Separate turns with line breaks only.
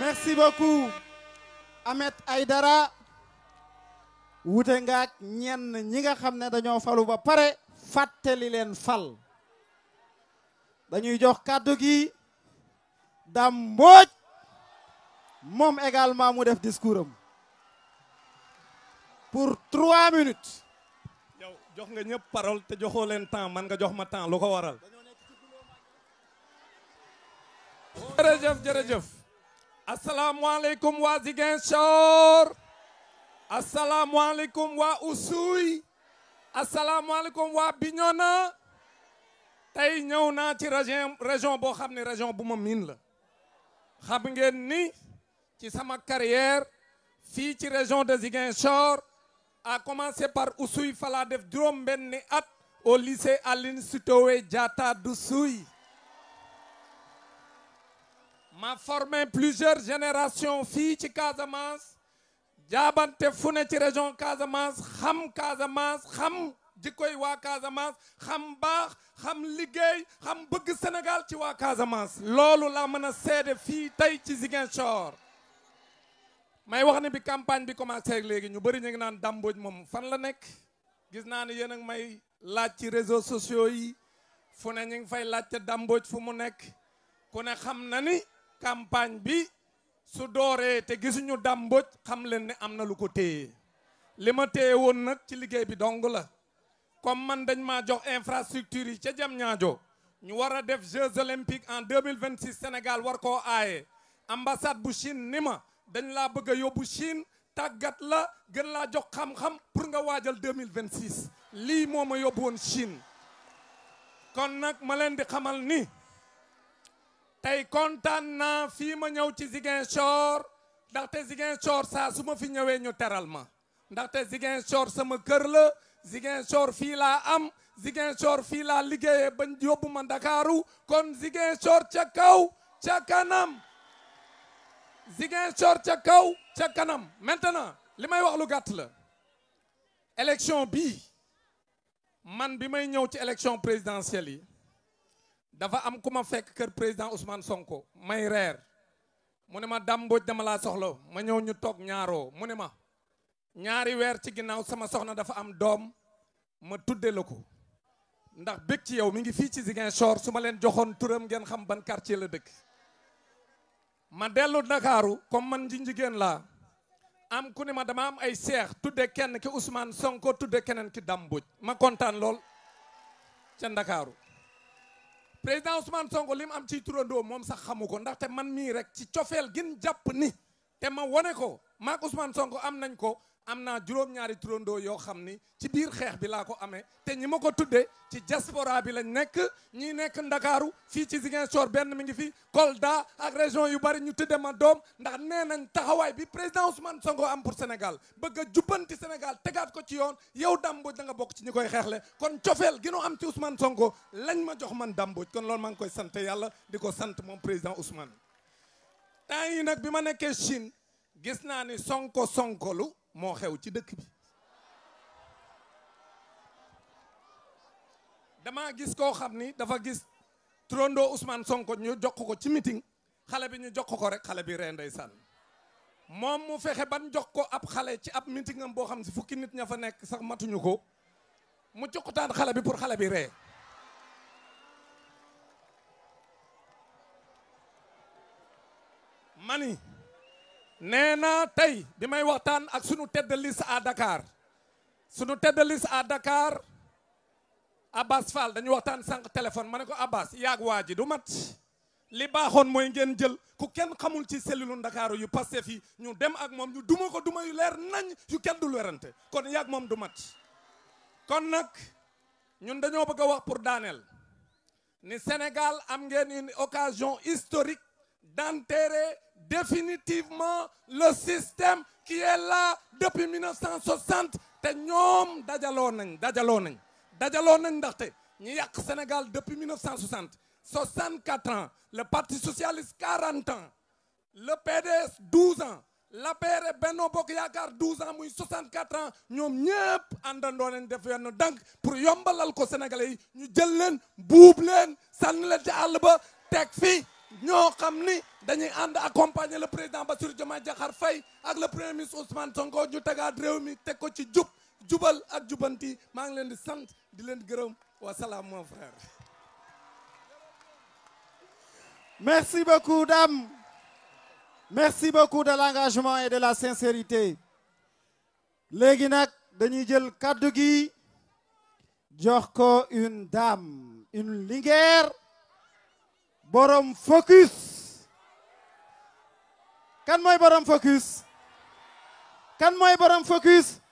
Merci beaucoup, Ahmed Aïdara. wute ngaak ñenn ñi nga xam ne dañoo falu ba pare fàttali leen fal dañuy jox kàddu gi dam Mbodj moom également mu def discours am
pour trois minutes yow jox nga ñëpp parole te joxoo leen temps man nga jox ma temps lu ko waral jërëjëf jërëjëf asalaamaaleykum waa Ziguinchor asalaamualeykum waa Oussouye asalaamualeykum waa Bignona tey ñëw naa ci région région boo xam ne région bu ma miin la xam ngeen ni ci sama carrière fii ci région de Ziguinchor a commencé par Oussouye falaa def juróom benni at au lycée Aline Sitoé Diatta d'Oussouye ma formé plusieurs générations fii ci Casamance jaabante fu ne ci région Casamance xam Casamance xam jikkoy waa Casamance xam baax xam liggéey xam bëgg Sénégal ci waa Casamance loolu laa mën a seede fii tey ci Ziguinchor may wax ne bi campagne bi commencé léegi ñu bari ñu ngi naan Dame Mbodj moom fan la nekk gis naa ne yéen a ngi may laaj ci réseaux sociaux yi fu ne ñu fay laajte Dame Mbodj fu mu nekk ku ne xam na ni campagne bi su dooree te gisuñu Dame xam leen ne am na lu ko téye li ma téye woon nag ci liggéey bi dong la comme man dañ maa jox infrastructure yi ca jam ñaajo ñu war a def Jeux olympiques en 2026 Sénégal war koo aaye ambassade bu Chine ni ma dañ laa bëgg a yóbbu Chine tàggat la gën laa jox xam-xam pour nga waajal 2026 lii moo ma yóbbu woon Chine kon nag ma leen di xamal ni tey kontaan naa fii ma ñëw ci Ziguinchor ndaxte Ziguinchor saa su ma fi ñëwee ñu teral ma ndaxte Ziguinchor sama kër la Ziguinchor fii laa am Ziguinchor fii laa liggéeye bañ yóbbu ma Ndakaaru kon Ziguinchor ca kaw ca kanam Ziguinchor ca kaw ca kanam maintenant li may wax lu gàtt la élection bi man bi may ñëw ci élection présidentielle yi dafa am ku ma fekk kër président Ousmane Sonko may reer mu ne ma Dame dama laa soxla ma ñëw ñu toog ñaaroo mu ne ma ñaari weer ci ginnaaw sama soxna dafa am doom ma tudde la ko ndax bëgg ci yow mi ngi fii ci Ziguinchor su ma leen joxoon turam ngeen xam ban quartier la dëkk ma dellu Ndakaaru comme man ji jigéen laa am ku ne ma dama am ay seex tudde kenn ki Ousmane Sonko tudde keneen ki Dame ma kontaan lool ca Ndakaaru président Ousmane Sonko li mu am ciy turandoo moom sax xamu ko ndaxte man mii rek ci cofeel gin jàpp ni te ma wone ko maak Ousmane Sonko am nañ ko am naa juróom-ñaari turandoo yoo xam ni ci biir xeex bi laa ko amee te ñi ma ko tuddee ci diaspora bi lañ nekk ñi nekk ndakaaru fii ci Ziguinchor benn mi ngi fi Kolda ak région yu bari ñu tudde ma doom ndax nee nañ taxawaay bi président Ousmane Sonko am pour Sénégal bëgg a Sénégal tegaat ko ci yoon yow Damboj da nga bokk ci ñi koy xeex xeexle kon cofeel gi nu am ci Ousmane Sonko lañ ma jox man Damboj kon loolu maa ngi koy sant yàlla di ko sant moom président Ousmane temps yi nag bi ma nekkee gis naa ni Sonko Sonkolu moo xew ci dëkk bi damaa gis koo xam ni dafa gis turandoo Ousmane Sonko ñu jox ko ci meeting xale bi ñu jox ko rek xale bi ree ndeysaan moom mu fexe ba jox ko ab xale ci ab meeting am boo xam si fukki nit ña fa nekk sax matuñu ko mu jokkutaan xale bi pour xale bi ree mani nee naa tey bi may waxtaan ak sunu tête de liste à Dakar sunu tête de liste à Dakar Abbas Fall dañu waxtaan sànq téléphone ma ne ko Abbas yaag waa ji du mat li baaxoon mooy ngeen jël ku kenn xamul ci cellule Ndakaaru yu Pastef yi ñu dem ak moom ñu duma ko duma yu leer nañ yu kenn dul werante kon yaag moom du mat kon nag ñun dañoo bëgg a wax pour daaneel ni Sénégal am ngeen une occasion historique d'enterrer définitivement le système qui est là depuis 1960 te ñoom dajaloo nañ dajaloo nañ dajaloo nañ ndaxte ñu yàq Sénégal depuis 1960 64 ans le parti socialiste 40 ans le PDS 12 ans l'APR et Benno Bokk Yaakaar 12 ans muy 64 ans ñoom ñépp àndandoo nañ def yenn dànk pour yombalal ko Sénégalais ñu jël leen buub leen sànni leen ci àll ba teg fii ñoo xam ni dañuy ànd accompagner le président Bassirou Diomaye Diakhar Faye ak le premier ministre Ousmane Sonko ñu tegaat réew mi teg ko ci jub jubal ak jubanti maa ngi leen di sant di leen gërëm wasalaam mon frère
merci beaucoup dame merci beaucoup de l'engagement et de la sincérité léegi nag dañuy jël kàddu gi jox ko une dame une linguère borom focus kan mooy borom focus kan mooy borom focus